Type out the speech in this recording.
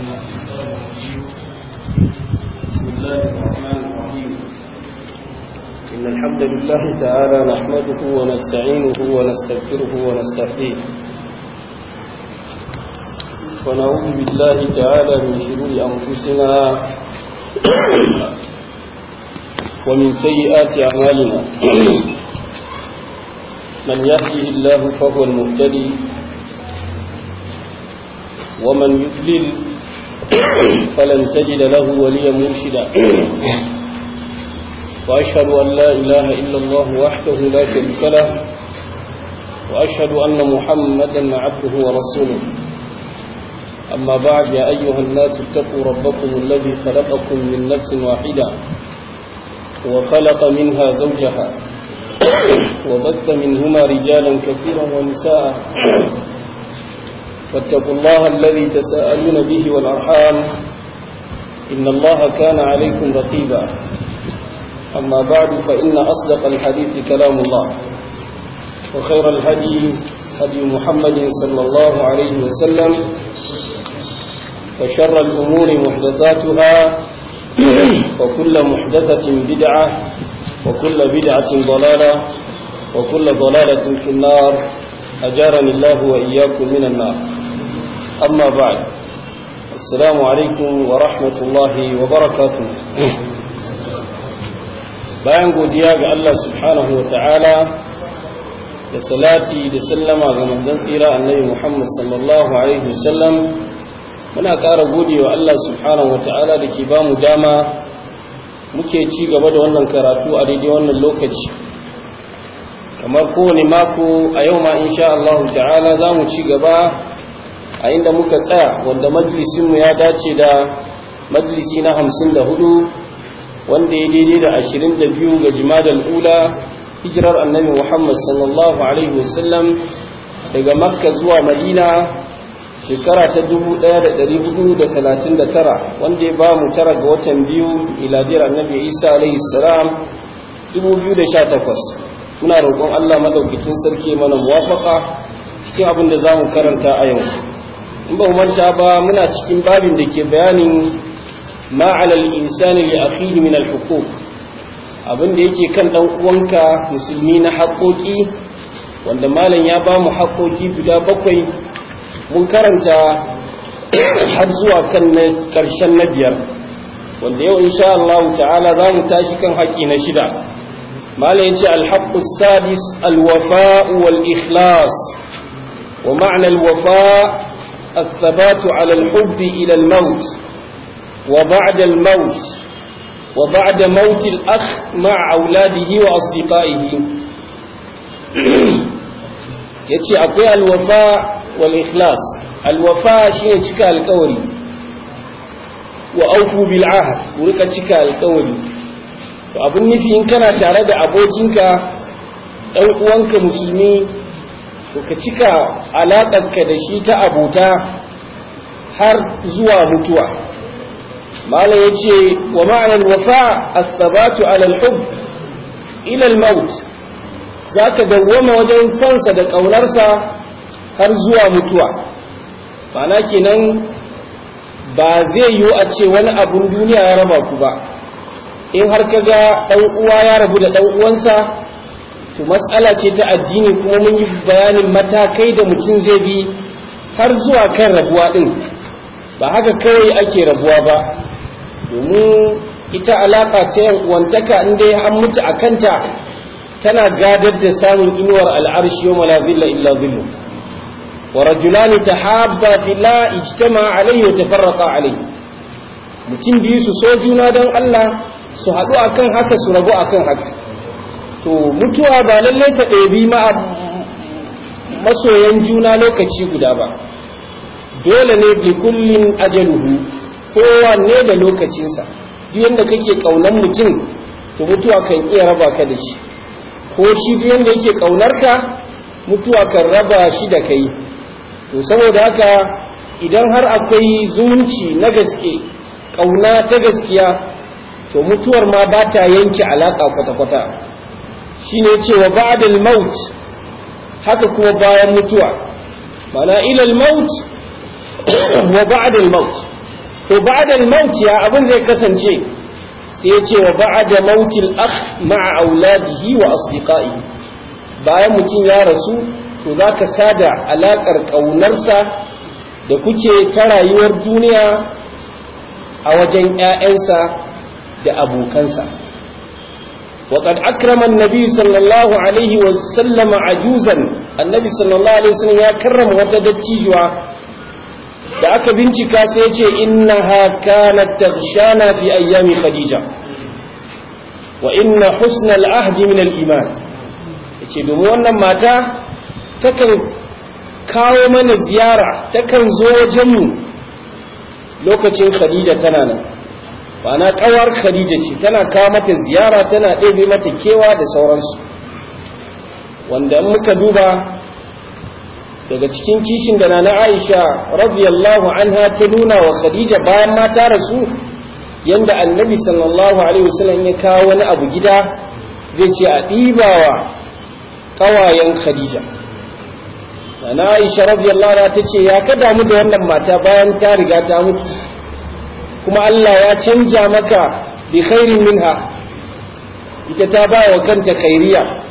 إن الحمد لله تعالى نحمده ونستعينه ونستغفره ونستهديه ونعوذ بالله تعالى من شرور أنفسنا ومن سيئات أعمالنا من يهده الله فهو المهتدي ومن يضلل فلن تجد له وليا مرشدا وأشهد أن لا إله إلا الله وحده لا شريك له وأشهد أن محمدا عبده ورسوله أما بعد يا أيها الناس اتقوا ربكم الذي خلقكم من نفس واحدة وخلق منها زوجها وبث منهما رجالا كثيرا ونساء واتقوا الله الذي تساءلون به والأرحام إن الله كان عليكم رقيبا أما بعد فإن أصدق الحديث كلام الله وخير الهدي هدي محمد صلى الله عليه وسلم فشر الأمور محدثاتها وكل محدثة بدعة وكل بدعة ضلالة وكل ضلالة في النار أجارني الله وإياكم من النار أما بعد السلام wa ورحمة الله وبركاته bayan godiya ga Allah subhanahu wa ta'ala da salati da sallama ga manzon tsira annabi Muhammad sallallahu alaihi wasallam muna kara godewa Allah subhanahu wa ta'ala da ke bamu dama muke ci gaba da wannan karatu a daidai wannan lokaci kamar kowane mako a yau ma insha Allah ta'ala za mu ci gaba a inda muka tsaya wanda majalisinmu ya dace da majalisi na hamsin da hudu wanda ya daidai da ashirin da biyu ga jimadar ula hijirar annabi muhammad sallallahu alaihi wasallam daga makka zuwa madina shekara ta 1439 wanda ya ba mu tara ga watan biyu miladiyar annabi isa alaihi salam 2018 muna roƙon allah madaukakin sarki mana muwafaka cikin abin da za mu karanta a yau in ba manta ba muna cikin babin da ke bayanin ma'alal insani li akhihi min al abin da yake kan dan uwanka musulmi na haƙoƙi wanda malam ya ba mu haƙoƙi guda bakwai mun karanta har zuwa kan ƙarshen na biyar wanda yau insha Allah ta'ala za mu tashi kan haƙi na shida malam yace al-haqqu sadis al wal ikhlas wa ma'na al-wafa' الثبات على الحب إلى الموت وبعد الموت وبعد موت الأخ مع أولاده وأصدقائه yace akwai alwafa wal ikhlas alwafa shine cika alkawari wa aufu bil ahd cika alkawari to abun nufi in kana tare da abokinka dan uwanka musulmi to ka cika alaƙanka da shi ta abuta har zuwa mutuwa malam ya ce wa ma'anar wafa a sabatu alalhub ilal maut za ka dawwama wajen sansa da ƙaunarsa har zuwa mutuwa ma'ana kenan ba zai yiwu a ce wani abun duniya ya raba ku ba in har ka ga ɗan'uwa ya rabu da ɗan'uwansa? uwansa to matsala ce ta addini kuma mun yi bayanin matakai da mutum zai bi har zuwa kan rabuwa din ba haka kawai ake rabuwa ba domin ita alaƙa ta yan uwantaka inda dai an mutu a kanta tana gadar da samun inuwar al'arshi yau malazilla illa zillu wa rajulani haɓa fi la ijtama alayhi wa tafarraqa alai mutum biyu su so juna don Allah su haɗu akan haka su rabu akan haka to mutuwa ba lallai ta ɗabi ma masoyan juna lokaci guda ba dole ne bi kullin ajaluhu kowanne da lokacinsa duk yadda kake ƙaunar mutum to mutuwa kan iya raba ka da shi ko shi duk yadda yake ƙaunar ka mutuwa kan raba shi da kai to saboda haka idan har akwai zumunci na gaske ƙauna ta gaskiya to mutuwar ma ba ta yanke alaƙa kwata-kwata shine cewa ba'dal maut haka kuma bayan mutuwa mana ilal maut wa ba'dal maut to ba'dal maut ya abin zai kasance sai ya ce wa ba'da Mautin akh ma'a auladihi wa asdiqai bayan mutum ya rasu to zaka sada alaƙar ƙaunarsa da kuke ta rayuwar duniya a wajen 'ya'yansa da abokansa وقد أكرم النبي صلى الله عليه وسلم عجوزا النبي صلى الله عليه وسلم يا كرم وتدتيجوا da aka bincika sai ya ce innaha kanat taghshana fi ayyami khadija wa inna husna al-ahdi min al-iman domin wannan mata takan kawo mana ziyara takan zo wajen lokacin khadija tana nan Wana kawar khadija ce tana kawo mata ziyara tana ɗebe mata kewa da sauransu wanda muka duba daga cikin kishin da na aisha radiyallahu anha ta nuna wa khadija bayan mata rasu Yadda annabi sallallahu alaihi wasallam ya kawo wani abu gida zai ce a ɗibawa ƙawayen khadija na aisha radiyallahu anha ta ce ya ka damu da wannan mata bayan ta riga ta mutu kuma Allah ya canja maka bi khairin minha ita ta ba wa kanta kairiya.